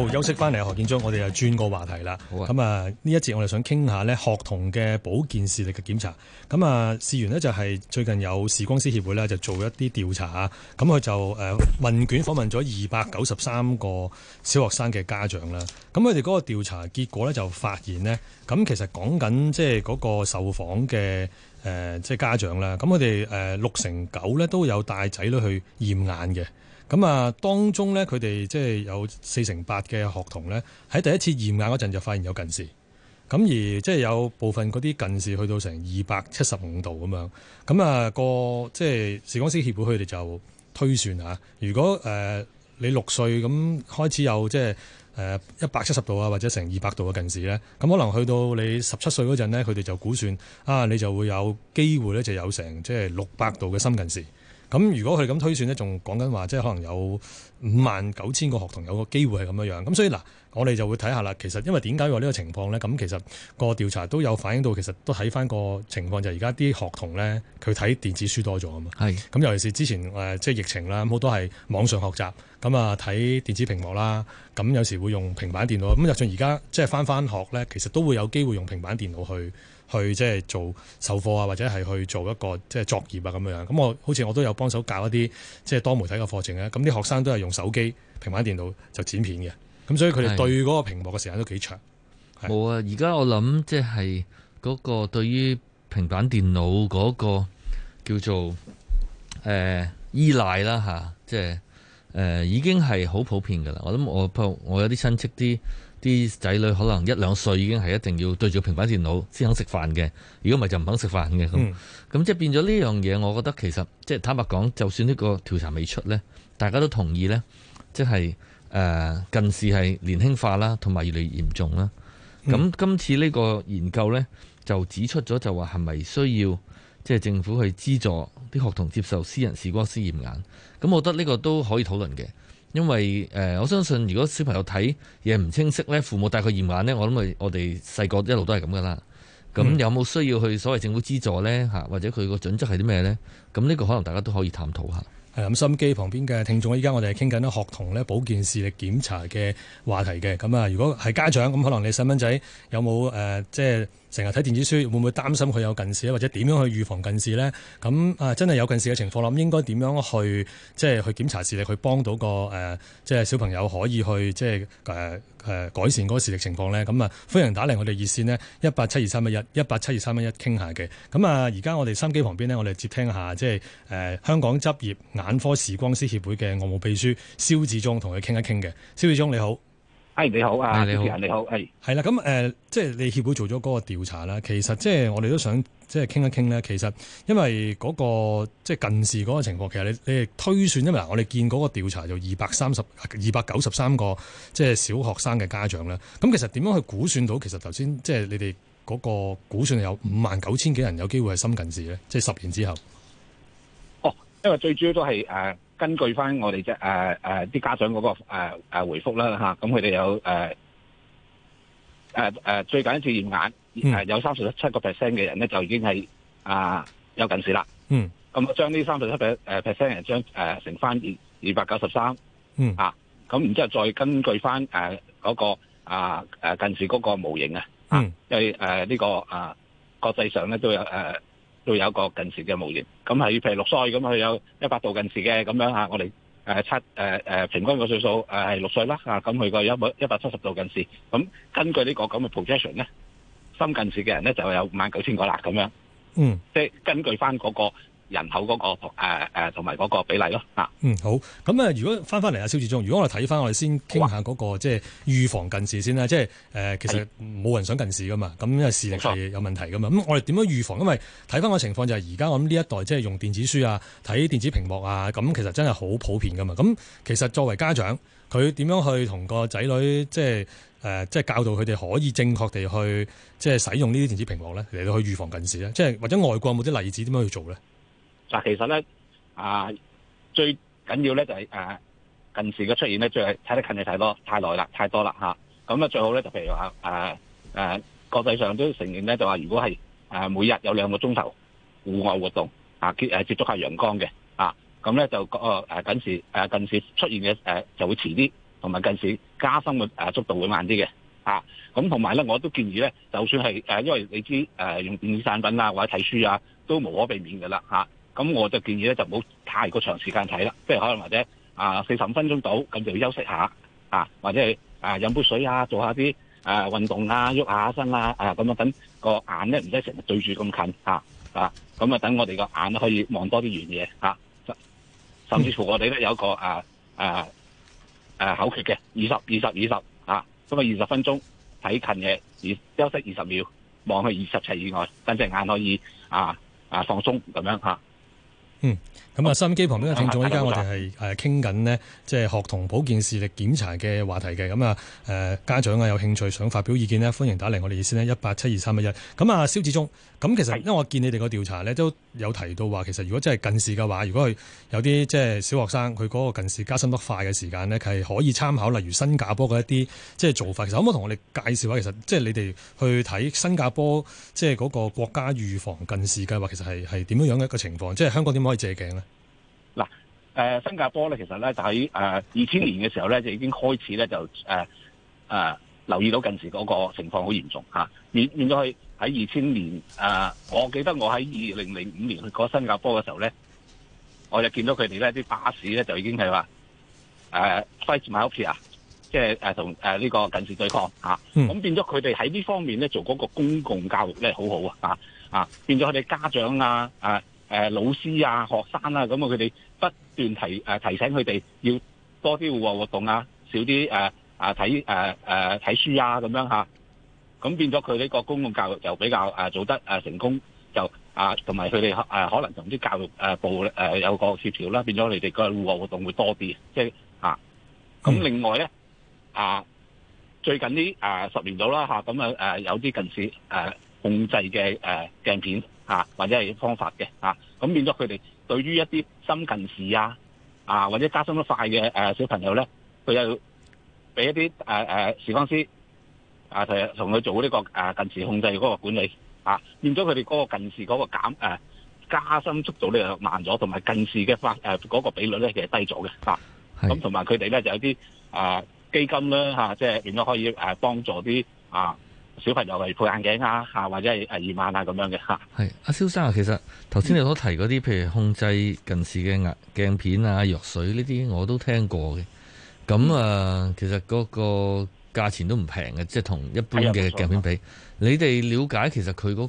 好休息翻嚟，何建章，我哋就轉個話題啦。咁啊，呢一節我哋想傾下咧學童嘅保健視力嘅檢查。咁啊，事緣呢，就係最近有視光師協會咧就做一啲調查，咁佢就誒問卷訪問咗二百九十三個小學生嘅家長啦。咁佢哋嗰個調查結果咧就發現呢，咁其實講緊即係嗰個受訪嘅誒即係家長啦。咁佢哋誒六成九咧都有帶仔女去驗眼嘅。咁啊，當中咧，佢哋即係有四成八嘅學童咧，喺第一次驗眼嗰陣就發現有近視。咁而即係有部分嗰啲近視去到成二百七十五度咁樣。咁、那、啊、個，個即係視光師協會佢哋就推算吓，如果誒你六歲咁開始有即係誒一百七十度啊，或者成二百度嘅近視咧，咁可能去到你十七歲嗰陣咧，佢哋就估算啊，你就會有機會咧就有成即係六百度嘅深近視。咁如果佢咁推算呢，仲講緊話，即係可能有五萬九千個學童有個機會係咁樣。咁所以嗱，我哋就會睇下啦。其實因為點解話呢個情況呢？咁其實個調查都有反映到，其實都睇翻個情況就係而家啲學童呢，佢睇電子書多咗啊嘛。係。咁尤其是之前誒即係疫情啦，好多係網上學習。咁啊，睇電子屏幕啦，咁有時會用平板電腦。咁就算而家即係返返學呢，其實都會有機會用平板電腦去去即係做授課啊，或者係去做一個即係作業啊咁樣。咁我好似我都有幫手教一啲即係多媒體嘅課程啊。咁啲學生都係用手機、平板電腦就剪片嘅。咁所以佢哋對嗰個屏幕嘅時間都幾長。冇啊！而家我諗即係嗰個對於平板電腦嗰個叫做誒、呃、依賴啦吓、啊，即係。誒、呃、已經係好普遍嘅啦，我諗我我有啲親戚啲啲仔女可能一兩歲已經係一定要對住平板電腦先肯食飯嘅，如果唔係就唔肯食飯嘅。咁、嗯、即係變咗呢樣嘢，我覺得其實即係坦白講，就算呢個調查未出呢，大家都同意呢，即係、呃、近視係年輕化啦，同埋越嚟越嚴重啦。咁、嗯、今次呢個研究呢，就指出咗，就話係咪需要？即係政府去資助啲學童接受私人視光、私人驗眼，咁我覺得呢個都可以討論嘅，因為誒、呃，我相信如果小朋友睇嘢唔清晰咧，父母帶佢驗眼咧，我諗我哋細個一路都係咁噶啦。咁有冇需要去所謂政府資助呢？嚇，或者佢個準則係啲咩呢？咁呢個可能大家都可以探討下。係咁心機旁邊嘅聽眾，依家我哋係傾緊咧學童咧保健視力檢查嘅話題嘅。咁啊，如果係家長，咁可能你細蚊仔有冇誒、呃，即係？成日睇電子書，會唔會擔心佢有近視，或者點樣去預防近視呢？咁啊，真係有近視嘅情況啦，應該點樣去即係、即係、去檢查視力，去幫到個即係、呃即係、小朋友可以去即係、呃、改善嗰個視力情況呢？咁啊，歡迎打嚟我哋熱線呢，187231, 187231, 一八七二三一一八七二三一一傾下嘅。咁啊，而家我哋心機旁邊呢，我哋接聽下即係、即係呃、香港執業眼科視光師協會嘅外務秘書蕭志忠，聊聊蕭志忠，同佢傾一傾嘅。蕭志忠你好。哎、hey，你好啊，你好，係係啦，咁誒、嗯呃，即係你協會做咗嗰個調查啦，其實即係我哋都想即係傾一傾咧，其實因為嗰、那個即係近視嗰個情況，其實你你哋推算因為嗱，我哋見嗰個調查就二百三十二百九十三個即係小學生嘅家長啦，咁其實點樣去估算到，其實頭先即係你哋嗰個估算有五萬九千幾人有機會係深近視咧，即係十年之後。哦，因為最主要都係誒。呃根據翻我哋啫誒誒啲家長嗰個誒誒回覆啦嚇，咁佢哋有誒誒誒最近一次驗眼誒有三十七個 percent 嘅人咧就已經係啊有近視啦，嗯，咁將呢三十七誒 percent 人將誒乘翻二二百九十三，嗯啊，咁然之後再根據翻誒嗰個啊誒近視嗰個模型啊，因為誒呢個啊國際上咧都有誒。會有一個近視嘅模型，咁係譬如六歲咁，佢有一百度近視嘅咁樣吓。我哋誒測誒誒平均個歲數誒係六歲啦，啊咁佢個一百一百七十度近視，咁根據呢個咁嘅 projection 咧，深近視嘅人咧就係有五萬九千個啦，咁樣，嗯，即係根據翻嗰個。人口嗰個誒同埋嗰個比例咯啊，嗯好咁啊。如果翻翻嚟呀，蕭志忠，如果我哋睇翻，我哋先傾下嗰個即係預防近視先啦。即係、呃、其實冇人想近視噶嘛，咁因為視力係有問題噶嘛。咁、嗯、我哋點樣預防？因為睇翻個情況就係而家我諗呢一代即係用電子書啊、睇電子屏幕啊，咁其實真係好普遍噶嘛。咁、嗯、其實作為家長，佢點樣去同個仔女即係誒、呃、即係教導佢哋可以正確地去即係使用呢啲電子屏幕咧，嚟到去預防近視咧？即係或者外國有冇啲例子點樣去做咧？就其實咧，啊，最緊要咧就係誒近視嘅出現咧，最係睇得近就睇多，太耐啦，太多啦嚇。咁啊，那最好咧就譬如話誒誒國際上都承認咧，就話如果係誒、啊、每日有兩個鐘頭戶外活動啊，接接觸下陽光嘅啊，咁咧就個誒、啊、近視誒、啊、近視出現嘅誒、啊、就會遲啲，同埋近視加深嘅誒速度會慢啲嘅啊。咁同埋咧，我都建議咧，就算係誒、啊，因為你知誒、啊、用電子產品啊或者睇書啊，都無可避免嘅啦嚇。啊咁我就建議咧，就唔好太過長時間睇啦，即係可能或者啊四十五分鐘到，咁就要休息下啊，或者係啊飲杯水啊，做下啲誒運動啊，喐下身啊啊咁樣等個眼咧唔使成日對住咁近嚇啊，咁啊等我哋個眼可以望多啲遠嘢嚇、啊，甚至乎我哋咧有一個啊誒、啊啊、口訣嘅，二十二十二十嚇，咁啊二十分鐘睇近嘢，二休息二十秒，望去二十尺以外，等隻眼可以啊啊放鬆咁樣嚇。啊嗯，咁啊，收音機旁邊嘅聽眾，依家我哋係誒傾緊呢，即係學童保健視力檢查嘅話題嘅，咁啊誒家長啊有興趣想發表意見咧，歡迎打嚟我哋熱線咧，一八七二三一一。咁啊，蕭志忠，咁其實因為我見你哋個調查咧，都有提到話，其實如果真係近視嘅話，如果佢有啲即係小學生，佢嗰個近視加深得快嘅時間咧，係可以參考，例如新加坡嘅一啲即係做法。其實可唔可以同我哋介紹下，其實即係你哋去睇新加坡即係嗰個國家預防近視計劃，其實係係點樣樣嘅一個情況？即係香港點開借鏡嗱，誒，新加坡咧，其實咧就喺誒二千年嘅時候咧就已經開始咧就誒誒留意到近視嗰個情況好嚴重吓，變變咗佢喺二千年誒，我記得我喺二零零五年去過新加坡嘅時候咧，我就見到佢哋咧啲巴士咧就已經係話誒，Fight Myopia 啊，即係誒同誒呢個近視對抗吓，咁變咗佢哋喺呢方面咧做嗰個公共教育咧好好啊啊，變咗佢哋家長啊啊。誒老師啊，學生啊咁啊，佢哋不斷提誒提醒佢哋要多啲戶外活動啊，少啲誒睇誒睇書啊，咁樣嚇。咁變咗佢呢個公共教育就比較誒做得誒成功，就啊同埋佢哋誒可能同啲教育誒部誒有個協調啦，變咗你哋個戶外活動會多啲，即係啊。咁另外咧啊，最近呢誒十年度啦嚇咁啊有啲近視誒控制嘅誒鏡片。啊，或者係方法嘅啊，咁變咗佢哋對於一啲深近視啊啊，或者加深得快嘅、呃、小朋友咧，佢又俾一啲誒誒視光師啊，同佢做呢、呢個誒、呃、近視控制嗰個管理啊，變咗佢哋嗰個近視嗰個減、呃、加深速度咧就慢咗，同埋近視嘅嗰個比率咧其實低咗嘅啊，咁同埋佢哋咧就有啲啊、呃、基金啦嚇，即、啊、係、就是、變咗可以誒幫助啲啊。小朋友嚟配眼鏡啊，嚇，或者係二萬啊咁樣嘅嚇。係阿蕭生啊，其實頭先你所提嗰啲，譬如控制近視嘅鏡片啊、藥水呢啲，我都聽過嘅。咁啊、呃，其實嗰個價錢都唔平嘅，即係同一般嘅鏡片比。你哋了解其實佢嗰、嗰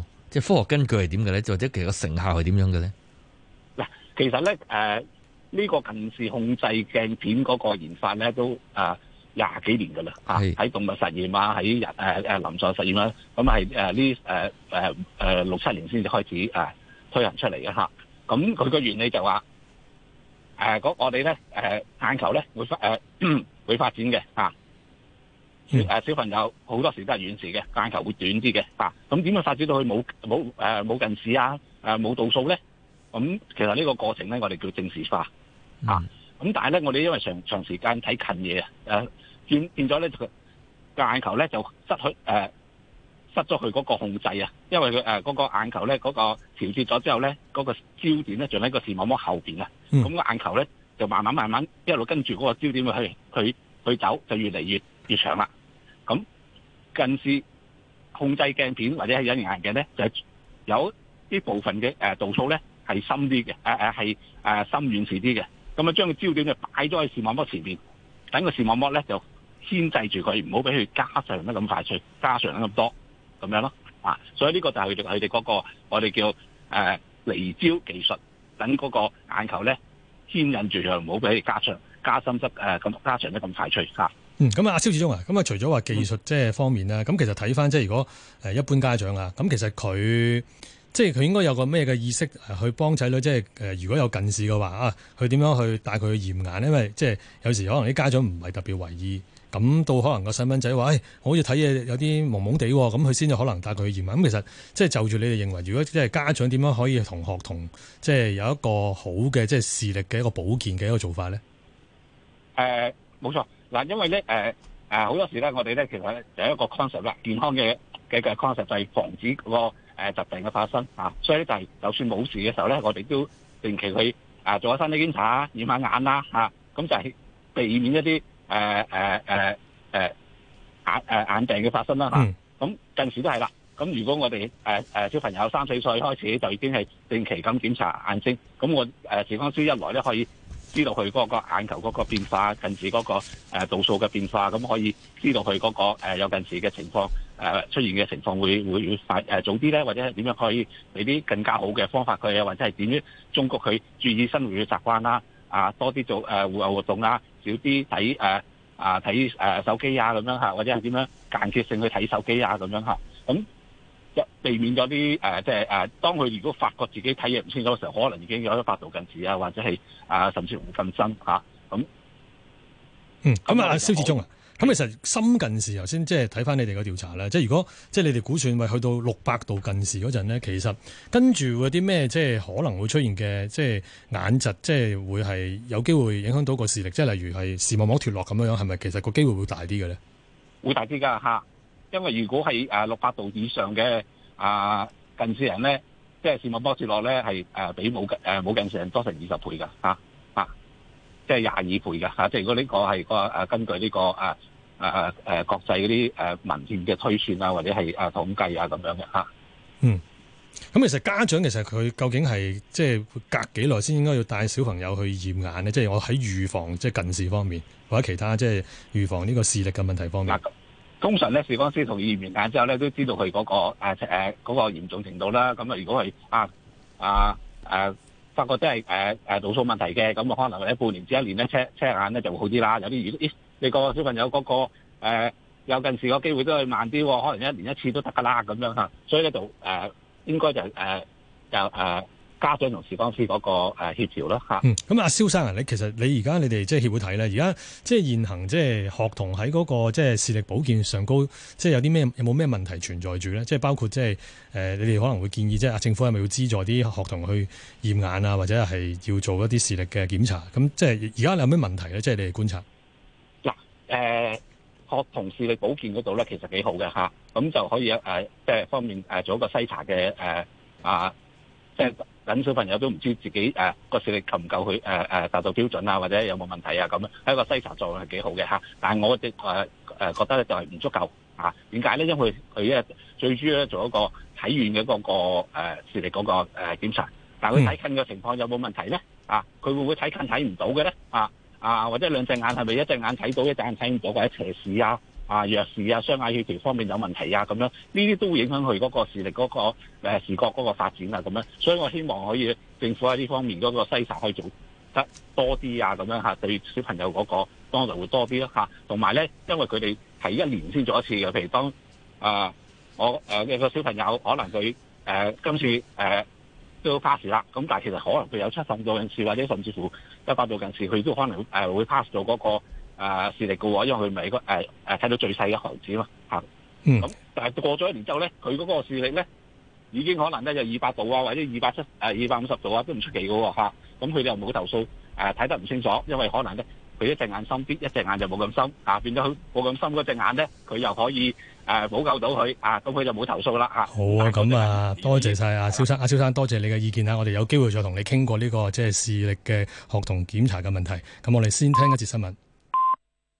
個即係科學根據係點嘅咧，或者其實成效係點樣嘅咧？嗱，其實咧誒，呢、呃呢個近視控制鏡片嗰個研發咧都啊。呃廿幾年噶啦，喺動物實驗啊，喺人誒誒臨床實驗啦，咁係誒呢誒誒誒六七年先至開始誒、啊、推行出嚟嘅嚇。咁佢個原理就話誒，啊、我哋咧誒眼球咧會發誒、啊、會發展嘅嚇。誒、啊啊、小朋友好多時都係遠視嘅，眼球會短啲嘅嚇。咁點啊樣發展到佢冇冇誒冇近視啊誒冇度數咧？咁、啊啊、其實呢個過程咧，我哋叫正視化啊。咁、嗯、但係咧，我哋因為長長時間睇近嘢啊誒。見見咗咧，呃、個，個眼球咧、那個、就失去誒，失咗佢嗰個控制啊！因為佢誒嗰個眼球咧，嗰個調節咗之後咧，嗰個焦點咧就喺個視網膜後邊啊。咁個眼球咧就慢慢慢慢一路跟住嗰個焦點去去去走，就越嚟，越越長啦。咁近視控制鏡片或者係隱形眼鏡咧，就係有啲部分嘅誒度數咧係深啲嘅，誒誒係誒深遠視啲嘅。咁啊，將個、啊、焦點就擺咗喺視網膜前面，等個視網膜咧就。牽制住佢，唔好俾佢加長得咁快速，加長得咁多，咁樣咯啊！所以呢個就係佢哋嗰個，我哋叫誒、呃、離焦技術等嗰個眼球咧牽引住，佢，唔好俾佢加長加深、呃、加上得誒咁加長得咁快速嗯，咁、嗯、啊，阿蕭志忠啊，咁啊，除咗話技術即係方面啦，咁、嗯、其實睇翻即係如果誒一般家長啊，咁其實佢即係佢應該有個咩嘅意識去幫仔女即係如果有近視嘅話啊，佢點樣去帶佢去驗眼咧？因為即係有時候可能啲家長唔係特別為意。咁到可能個細蚊仔話，誒、哎，好似睇嘢有啲朦朦地，咁佢先至可能帶佢去驗眼。咁其實即係就住、是、你哋認為，如果即係家長點樣可以同學同即係有一個好嘅即係視力嘅一個保健嘅一個做法咧？誒、呃，冇錯，嗱，因為咧，誒、呃，好多時咧，我哋咧其實咧第一個 concept 啦，健康嘅嘅 concept 就係防止、那個誒疾、呃、病嘅發生啊，所以咧就係、是、就算冇事嘅時候咧，我哋都定期去啊做下身體檢查染一啊，驗下眼啦嚇。咁就係避免一啲。誒誒誒誒眼誒、啊、眼病嘅發生啦、啊、嚇，咁、嗯、近視都係啦。咁如果我哋誒誒小朋友三四歲開始就已經係定期咁檢查眼睛，咁我誒視光師一來咧可以知道佢嗰個眼球嗰個變化，近視嗰個度數嘅變化，咁可以知道佢嗰個有近視嘅情況誒出現嘅情況會會會快誒早啲咧，或者點樣可以俾啲更加好嘅方法佢，或者係點樣忠告佢注意生活嘅習慣啦、啊。啊，多啲做誒戶外活動啦、啊，少啲睇誒啊睇誒、啊啊、手機啊咁樣嚇，或者係點樣間歇性去睇手機啊咁樣嚇，咁、啊、就避免咗啲誒即係誒，當佢如果發覺自己睇嘢唔清楚嘅時候，可能已經有咗發度近視啊，或者係啊甚至乎近身嚇咁、啊啊。嗯，咁、嗯、啊，蕭志忠啊。咁其實深近視，頭先即係睇翻你哋個調查咧，即係如果即係你哋估算，咪去到六百度近視嗰陣咧，其實跟住會有啲咩即係可能會出現嘅即係眼疾，即係會係有機會影響到個視力，即係例如係視網膜脱落咁樣，係咪其實個機會會大啲嘅咧？會大啲噶嚇，因為如果係誒六百度以上嘅啊近視人咧，即係視網膜脱落咧，係誒比冇近誒冇近視人多成二十倍噶嚇。即係廿二倍嘅嚇，即係如果呢個係個誒根據呢個誒誒誒國際嗰啲誒文件嘅推算啊，或者係誒統計啊咁樣嘅嚇。嗯，咁其實家長其實佢究竟係即係隔幾耐先應該要帶小朋友去驗眼咧？即係我喺預防即係近視方面，或者其他即係預防呢個視力嘅問題方面。通常咧視光師同驗完眼之後咧，都知道佢嗰個誒誒嗰個嚴重程度啦。咁啊，如果係啊啊誒。發覺真係誒度數問題嘅，咁啊可能或者半年至一年咧，車眼咧就會好啲啦。有啲咦、欸，你個小朋友嗰、那個、啊、有近視個機會都係慢啲喎、哦，可能一年一次都得噶啦咁樣，所以咧就誒應該就誒、啊、就、啊家長同視光師嗰個誒協調啦嚇嗯，咁阿蕭生啊，生你其實你而家你哋即係協會睇咧，而家即係現行即係學童喺嗰個即係視力保健上高，即係有啲咩有冇咩問題存在住咧？即係包括即係誒，你哋可能會建議即係啊，政府係咪要資助啲學童去驗眼啊，或者係要做一啲視力嘅檢查？咁即係而家你有咩問題咧？即係你哋觀察。嗱誒，學童視力保健嗰度咧，其實幾好嘅嚇，咁就可以誒，即係方面誒做一個篩查嘅誒啊，即係等小朋友都唔知自己誒、啊、個視力夠唔夠佢誒誒達到標準啊，或者有冇問題啊咁樣，喺個篩查做係幾好嘅嚇、啊。但係我哋誒誒覺得咧就係唔足夠啊。點解咧？因為佢咧最主要咧做一個睇遠嘅嗰、那個誒、啊、視力嗰、那個誒、啊、檢查，但係佢睇近嘅情況有冇問題咧？啊，佢會唔會睇近睇唔到嘅咧？啊啊，或者兩隻眼係咪一隻眼睇到一隻眼睇唔到或者斜視啊？啊，弱視啊，雙眼協調方面有問題啊，咁樣呢啲都會影響佢嗰個視力，那個、嗰個誒視覺嗰個發展啊，咁樣，所以我希望可以政府喺呢方面嗰個篩查可以做得多啲啊，咁樣嚇對小朋友嗰，那個幫助會多啲咯嚇。同埋咧，因為佢哋係一年先做一次嘅，譬如當啊、呃，我誒一、呃那個小朋友可能佢誒、呃、今次誒、呃、都 pass 啦，咁但係其實可能佢有七十五度近視，或者甚至乎一百度近視，佢都可能誒會 pass 咗嗰，那個。啊！視力嘅喎，因為佢唔係個誒誒睇到最細嘅行子嘛。嚇、啊。嗯。咁但係過咗一年之後咧，佢嗰個視力咧已經可能咧有二百度啊，或者二百七誒二百五十度啊，都唔出奇嘅喎，咁佢哋又冇投訴誒，睇、啊、得唔清楚，因為可能咧佢一隻眼深啲，一隻眼就冇咁深嚇、啊，變咗冇咁深嗰隻眼咧，佢又可以誒、啊、補救到佢啊，咁、啊、佢就冇投訴啦嚇、啊。好啊，咁啊，啊，啊，啊，啊，啊，啊，多謝晒啊，蕭生阿蕭生多謝你嘅意見啊。我哋有機會再同你傾過呢、這個即係、就是、視力嘅學童檢查嘅問題。咁我哋先聽一節新聞。